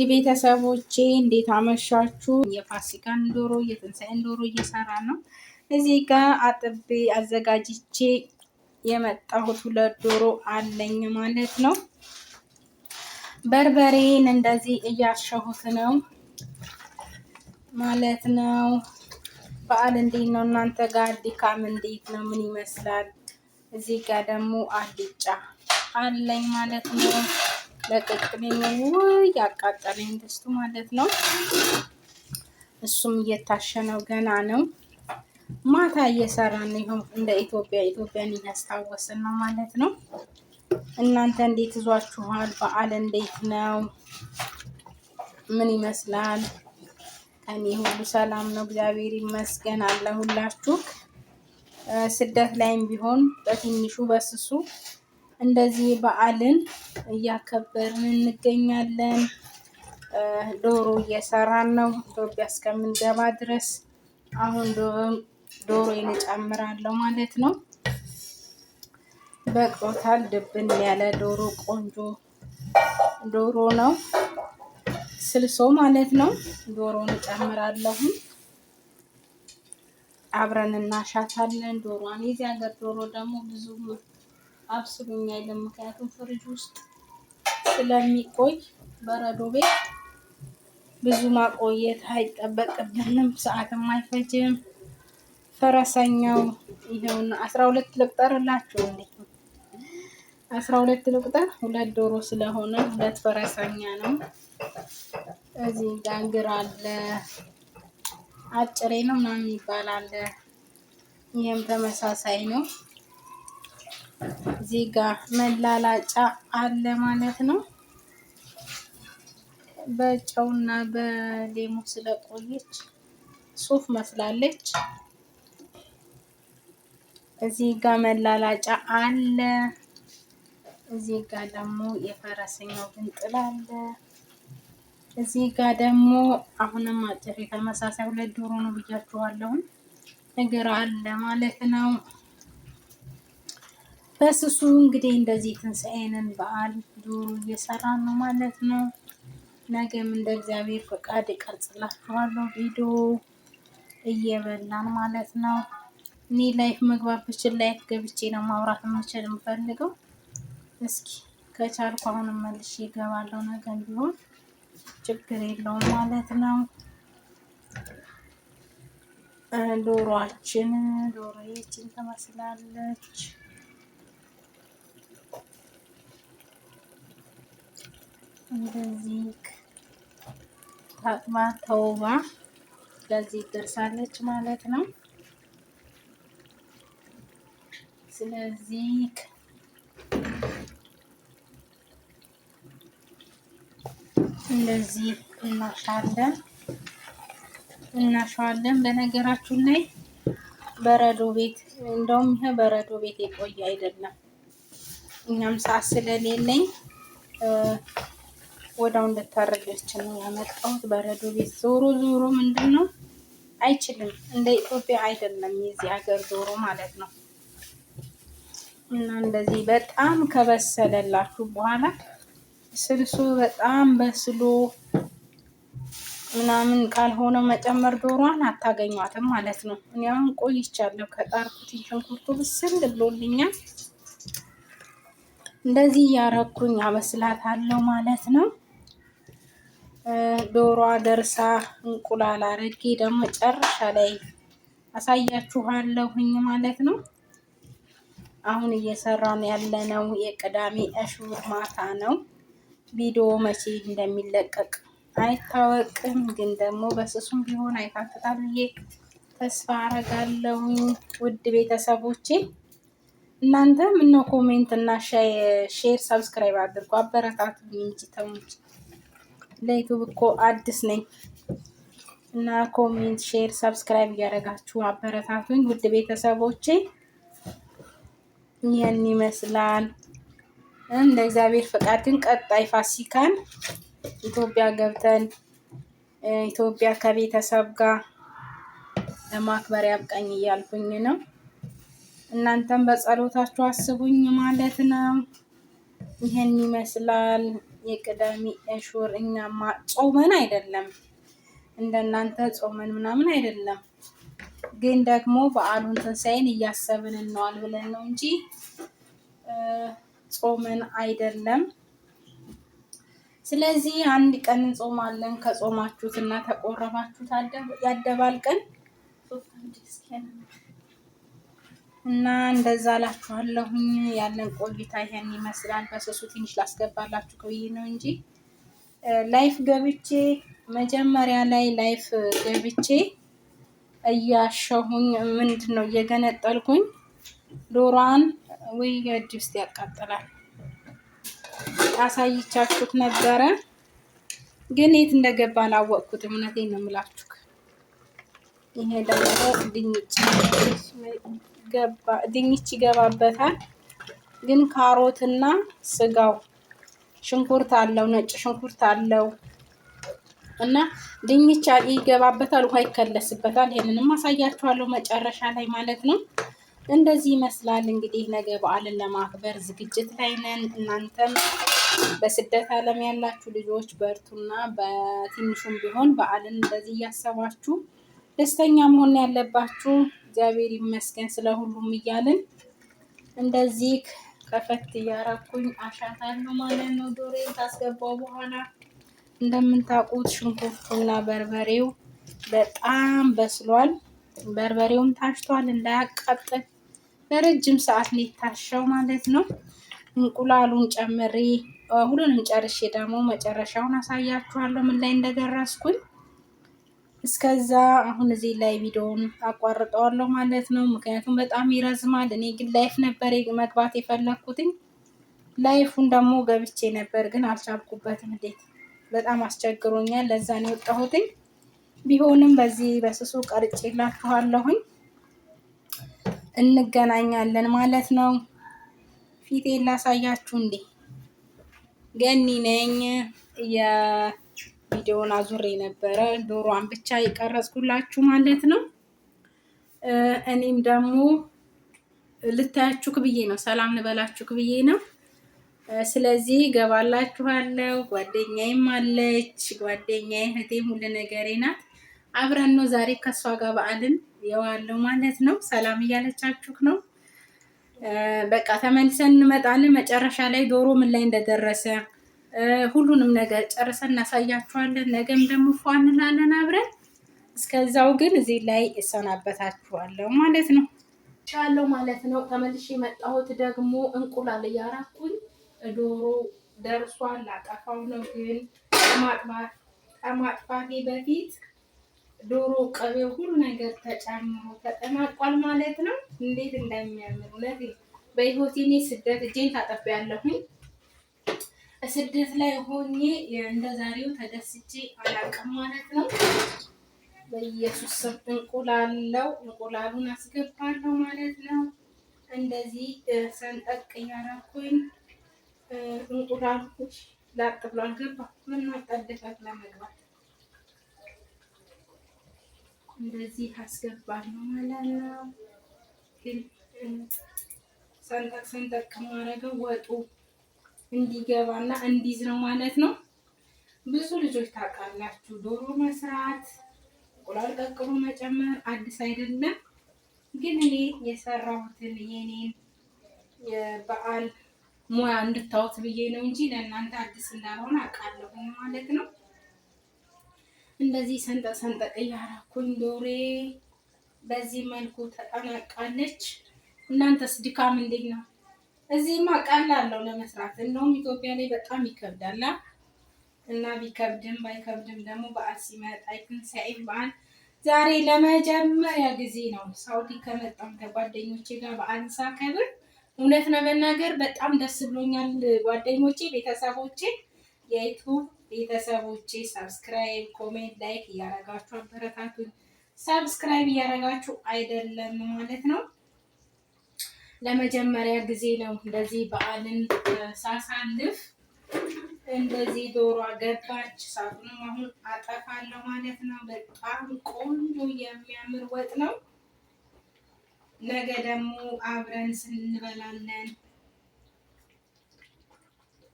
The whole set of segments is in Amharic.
ውድ ቤተሰቦቼ እንዴት አመሻችሁ? የፋሲካን ዶሮ የትንሳኤን ዶሮ እየሰራ ነው። እዚህ ጋር አጥቤ አዘጋጅቼ የመጣሁት ሁለት ዶሮ አለኝ ማለት ነው። በርበሬን እንደዚህ እያሸሁት ነው ማለት ነው። በዓል እንዴት ነው እናንተ ጋር? ድካም እንዴት ነው? ምን ይመስላል? እዚህ ጋር ደግሞ አልጫ አለኝ ማለት ነው። ለቅቅሌኝ ውይ ያቃጠለኝ ድስቱ ማለት ነው። እሱም እየታሸነው ገና ነው። ማታ እየሰራን ይኸው እንደ ኢትዮጵያ ኢትዮጵያን እያስታወስን ነው ማለት ነው። እናንተ እንዴት እዟችኋል በዓል እንዴት ነው? ምን ይመስላል? ከኔ ሁሉ ሰላም ነው፣ እግዚአብሔር ይመስገን አለ ሁላችሁ ስደት ላይም ቢሆን በትንሹ በስሱ እንደዚህ በዓልን እያከበርን እንገኛለን። ዶሮ እየሰራን ነው ኢትዮጵያ እስከምንገባ ድረስ። አሁን ዶሮ እንጨምራለሁ ማለት ነው። በቅቶታል። ድብን ያለ ዶሮ ቆንጆ ዶሮ ነው፣ ስልሶ ማለት ነው። ዶሮን እጨምራለሁ። አብረን እናሻታለን ዶሮዋን። የዚህ ሀገር ዶሮ ደግሞ ብዙ አብስሎኝ አይልም። ምክንያቱም ፍሪጅ ውስጥ ስለሚቆይ በረዶ ቤት ብዙ ማቆየት አይጠበቅብንም፣ ሰዓትም አይፈጅም። ፈረሰኛው ይኸውና አስራ ሁለት ልቁጠርላችሁ እንዴ አስራ ሁለት ልቁጠር። ሁለት ዶሮ ስለሆነ ሁለት ፈረሰኛ ነው። እዚህ ዳንግር አለ፣ አጭሬ ነው ምናምን ይባላል። ይህም ተመሳሳይ ነው። እዚህ ጋር መላላጫ አለ ማለት ነው። በጨውና በሌሙ ስለቆየች ሱፍ መስላለች። እዚህ ጋር መላላጫ አለ። እዚህ ጋር ደግሞ የፈረሰኛው ግንጥል አለ። እዚህ ጋር ደግሞ አሁንም አጭር ተመሳሳይ ሁለት ዶሮ ነው ብያችኋለሁን እግር አለ ማለት ነው። በስሱ እንግዲህ እንደዚህ ትንሣኤንን በዓል ዶሮ እየሰራ ነው ማለት ነው። ነገም እንደ እግዚአብሔር ፈቃድ እቀርጽላችኋለሁ ቪዲዮ እየበላን ማለት ነው። እኔ ላይፍ መግባት ብችል ላይፍ ገብቼ ነው ማውራት የምችል የምፈልገው። እስኪ ከቻልኩ አሁን መልሼ እገባለሁ ነገር ቢሆን ችግር የለውም ማለት ነው። ዶሮአችን ዶሮዬችን ትመስላለች። እንደዚህ ታጥባ ተውባ ለዚህ ደርሳለች ማለት ነው። ስለዚህ እንደዚህ እናሻለን እናሸዋለን። በነገራችሁ ላይ በረዶ ቤት እንደውም ይሄ በረዶ ቤት የቆየ አይደለም። እኛም ሰዓት ስለሌለኝ ወዳው እንድታረገችን ነው ያመጣሁት። በረዶ ቤት ዞሮ ዞሮ ምንድን ነው አይችልም፣ እንደ ኢትዮጵያ አይደለም የዚህ ሀገር ዞሮ ማለት ነው። እና እንደዚህ በጣም ከበሰለላችሁ በኋላ ስልሱ በጣም በስሎ ምናምን ካልሆነ መጨመር ዶሯን አታገኟትም ማለት ነው። እኔ አሁን ቆይቻለሁ ከጣርኩት ሽንኩርቱ ብስል ብሎልኛል። እንደዚህ እያረኩኝ አበስላታለሁ ማለት ነው። ዶሯ ደርሳ እንቁላል አረጌ ደግሞ ጨርሻ ላይ አሳያችኋለሁኝ ማለት ነው። አሁን እየሰራን ያለነው የቅዳሜ አሹር ማታ ነው። ቪዲዮ መቼ እንደሚለቀቅ አይታወቅም፣ ግን ደግሞ በስሱም ቢሆን አይታፍታል ብዬ ተስፋ አረጋለሁኝ። ውድ ቤተሰቦቼ እናንተ ምነው ኮሜንት እና ሼር፣ ሰብስክራይብ አድርጎ አበረታት እንጂ ተሙች ለዩቱብ እኮ አዲስ ነኝ እና ኮሜንት፣ ሼር፣ ሰብስክራይብ እያደረጋችሁ አበረታቱኝ ውድ ቤተሰቦቼ። ይህን ይመስላል። እንደ እግዚአብሔር ፈቃድ ግን ቀጣይ ፋሲካን ኢትዮጵያ ገብተን ኢትዮጵያ ከቤተሰብ ጋር ለማክበር ያብቀኝ እያልኩኝ ነው። እናንተም በጸሎታችሁ አስቡኝ ማለት ነው። ይህን ይመስላል። የቅዳሜ እሹር እኛማ ጾመን አይደለም እንደናንተ ጾመን ምናምን አይደለም፣ ግን ደግሞ በዓሉን ትንሣኤን እያሰብን እንዋል ብለን ነው እንጂ ጾመን አይደለም። ስለዚህ አንድ ቀን እንጾማለን። ከጾማችሁትና ተቆረባችሁት ያደባልቀን እና እንደዛ ላችኋለሁኝ። ያለን ቆይታ ይሄን ይመስላል። በሶሱ ትንሽ ላስገባላችሁ ብዬ ነው እንጂ ላይፍ ገብቼ መጀመሪያ ላይ ላይፍ ገብቼ እያሸሁኝ ምንድን ነው እየገነጠልኩኝ ዶሯን ወይ እጅ ውስጥ ያቃጥላል አሳይቻችሁት ነበረ፣ ግን የት እንደገባ አላወቅኩት። እውነቴን ነው የምላችሁ። ይሄ ደግሞ ድንች ድንች ይገባበታል። ግን ካሮትና ስጋው ሽንኩርት አለው፣ ነጭ ሽንኩርት አለው እና ድንች ይገባበታል። ውሃ ይከለስበታል። ይሄንንም አሳያችኋለሁ መጨረሻ ላይ ማለት ነው። እንደዚህ ይመስላል እንግዲህ ነገ በዓልን ለማክበር ዝግጅት ላይ ነን። እናንተም በስደት ዓለም ያላችሁ ልጆች በርቱና በትንሹም ቢሆን በዓልን እንደዚህ እያሰባችሁ ደስተኛ መሆን ያለባችሁ እግዚአብሔር ይመስገን ስለሁሉም እያልን እንደዚህ ከፈት እያረኩኝ አሻታለሁ ማለት ነው። ዶሬን ካስገባው በኋላ እንደምታውቁት ሽንኩርቱና በርበሬው በጣም በስሏል። በርበሬውም ታሽቷል እንዳያቃጥል ለረጅም ሰዓት ነው የታሸው ማለት ነው። እንቁላሉን ጨምሬ ሁሉንም ጨርሼ ደግሞ መጨረሻውን አሳያችኋለሁ ምን ላይ እንደደረስኩኝ። እስከዛ አሁን እዚህ ላይ ቪዲዮውን አቋርጠዋለሁ ማለት ነው። ምክንያቱም በጣም ይረዝማል። እኔ ግን ላይፍ ነበር መግባት የፈለግኩትኝ ላይፉን ደግሞ ገብቼ ነበር ግን አልቻልኩበትም። እንዴት በጣም አስቸግሮኛል። ለዛ የወጣሁትኝ። ቢሆንም በዚህ በስሱ ቀርጬ ላችኋለሁኝ። እንገናኛለን ማለት ነው። ፊቴን ላሳያችሁ እንዴ ገኒ ነኝ። ቪዲዮን አዙሬ ነበረ ዶሯን ብቻ የቀረጽኩላችሁ ማለት ነው። እኔም ደግሞ ልታያችሁ ክብዬ ነው፣ ሰላም ልበላችሁ ክብዬ ነው። ስለዚህ ገባላችኋለሁ። ጓደኛዬም አለች፣ ጓደኛዬ እህቴም ሁሉ ነገሬ ናት። አብረን ነው ዛሬ ከእሷ ጋር በዓልን የዋለው ማለት ነው። ሰላም እያለቻችሁ ነው። በቃ ተመልሰን እንመጣለን። መጨረሻ ላይ ዶሮ ምን ላይ እንደደረሰ ሁሉንም ነገር ጨርሰን እናሳያችኋለን። ነገም ደግሞ ፏ እንላለን አብረን። እስከዛው ግን እዚህ ላይ እሰናበታችኋለሁ ማለት ነው ቻለው ማለት ነው። ተመልሼ የመጣሁት ደግሞ እንቁላል እያራኩኝ ዶሮ ደርሷል። ላጠፋው ነው ግን ከማጥፋቴ በፊት ዶሮ ቅቤው ሁሉ ነገር ተጨምሮ ተጠናቋል ማለት ነው። እንዴት እንደሚያምር እውነት በህይወቴ እኔ ስደት እጄን ያለሁኝ ስደት ላይ ሆኜ እንደ ዛሬው ተደስቼ አላውቅም ማለት ነው። በኢየሱስ ስም እንቁላለው እንቁላሉን አስገባለሁ ማለት ነው። እንደዚህ ሰንጠቅ እያደረኩኝ እንቁላሉ ላጥ ብሎ አልገባ ምን ማጣደፋት ለመግባት እንደዚህ አስገባለሁ ማለት ነው። ግን ሰንጠቅ ሰንጠቅ ማረገው ወጡ እንዲገባና እንዲይዝ ነው ማለት ነው። ብዙ ልጆች ታውቃላችሁ፣ ዶሮ መስራት፣ እንቁላል ቀቅሎ መጨመር አዲስ አይደለም። ግን እኔ የሰራሁትን የኔን የበዓል ሙያ እንድታወት ብዬ ነው እንጂ ለእናንተ አዲስ እንዳልሆነ አውቃለሁ ማለት ነው። እንደዚህ ሰንጠቅ ሰንጠቅ እያራኩኝ ዶሬ በዚህ መልኩ ተጠናቃለች። እናንተስ ድካም እንዴት ነው? እዚህማ ቀላለው ለመስራት እንደውም ኢትዮጵያ ላይ በጣም ይከብዳላ። እና ቢከብድም ባይከብድም ደግሞ በዓል ሲመጣ የትንሳኤ በዓል ዛሬ ለመጀመሪያ ጊዜ ነው ሳውዲ ከመጣም ከጓደኞቼ ጋር በዓል ሳከብር እውነት ለመናገር በጣም ደስ ብሎኛል። ጓደኞቼ፣ ቤተሰቦቼ፣ የዩቱብ ቤተሰቦቼ ሰብስክራይብ፣ ኮሜንት፣ ላይክ እያረጋችሁ አበረታቱኝ። ሰብስክራይብ እያረጋችሁ አይደለም ማለት ነው ለመጀመሪያ ጊዜ ነው እንደዚህ በዓልን ሳሳልፍ። እንደዚህ ዶሮ ገባች። ሳቱንም አሁን አጠፋለሁ ማለት ነው። በጣም ቆንጆ የሚያምር ወጥ ነው። ነገ ደግሞ አብረን ስንበላለን።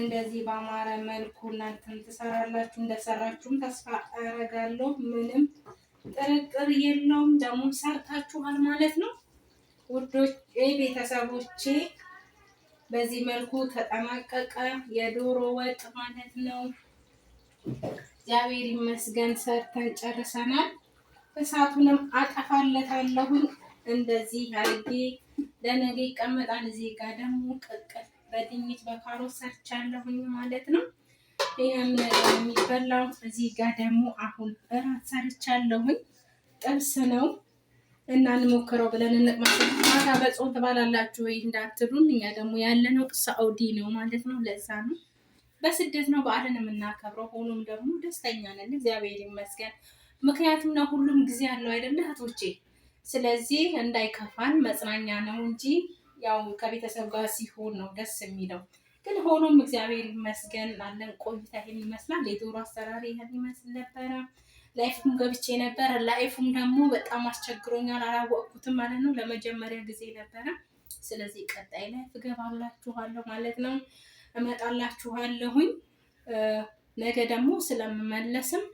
እንደዚህ በአማረ መልኩ እናንተም ትሰራላችሁ። እንደሰራችሁም ተስፋ አደርጋለሁ። ምንም ጥርጥር የለውም። ደግሞ ሰርታችኋል ማለት ነው። ውዶች ቤተሰቦቼ በዚህ መልኩ ተጠናቀቀ የዶሮ ወጥ ማለት ነው። እግዚአብሔር ይመስገን ሰርተን ጨርሰናል። እሳቱንም አጠፋለታለሁኝ እንደዚህ አድርጌ ለነገ ይቀመጣል። እዚህ ጋር ደግሞ ቅቅል በድኝት በካሮት ሰርቻለሁኝ ማለት ነው። ይህም ነገር የሚበላው እዚህ ጋር ደግሞ አሁን እራት ሰርቻለሁኝ ጥብስ ነው። እና እንሞክረው ብለን እንቅማቸው። ማታ በጾም ትባላላችሁ ወይ እንዳትሉን፣ እኛ ደግሞ ያለነው ሳኡዲ ነው ማለት ነው። ለዛ ነው በስደት ነው በዓልን የምናከብረው። ሆኖም ደግሞ ደስተኛ ነን፣ እግዚአብሔር ይመስገን። ምክንያቱም ነው ሁሉም ጊዜ ያለው አይደለ እህቶቼ። ስለዚህ እንዳይከፋን መጽናኛ ነው እንጂ ያው ከቤተሰብ ጋር ሲሆን ነው ደስ የሚለው። ግን ሆኖም እግዚአብሔር ይመስገን አለን ቆይታ። ይሄን ይመስላል የዶሮ አሰራር ይሄን ይመስል ነበረ። ላይፍም ገብቼ ነበር። ላይፉም ደግሞ በጣም አስቸግሮኛል፣ አላወቅኩትም ማለት ነው። ለመጀመሪያ ጊዜ ነበረ። ስለዚህ ቀጣይ ላይፍ እገባላችኋለሁ ማለት ነው፣ እመጣላችኋለሁኝ። ነገ ደግሞ ስለምመለስም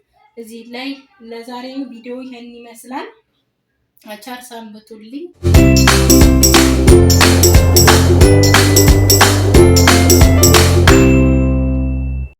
እዚህ ላይ ለዛሬው ቪዲዮ ይሄን ይመስላል። ቸር ሰንብቱልኝ።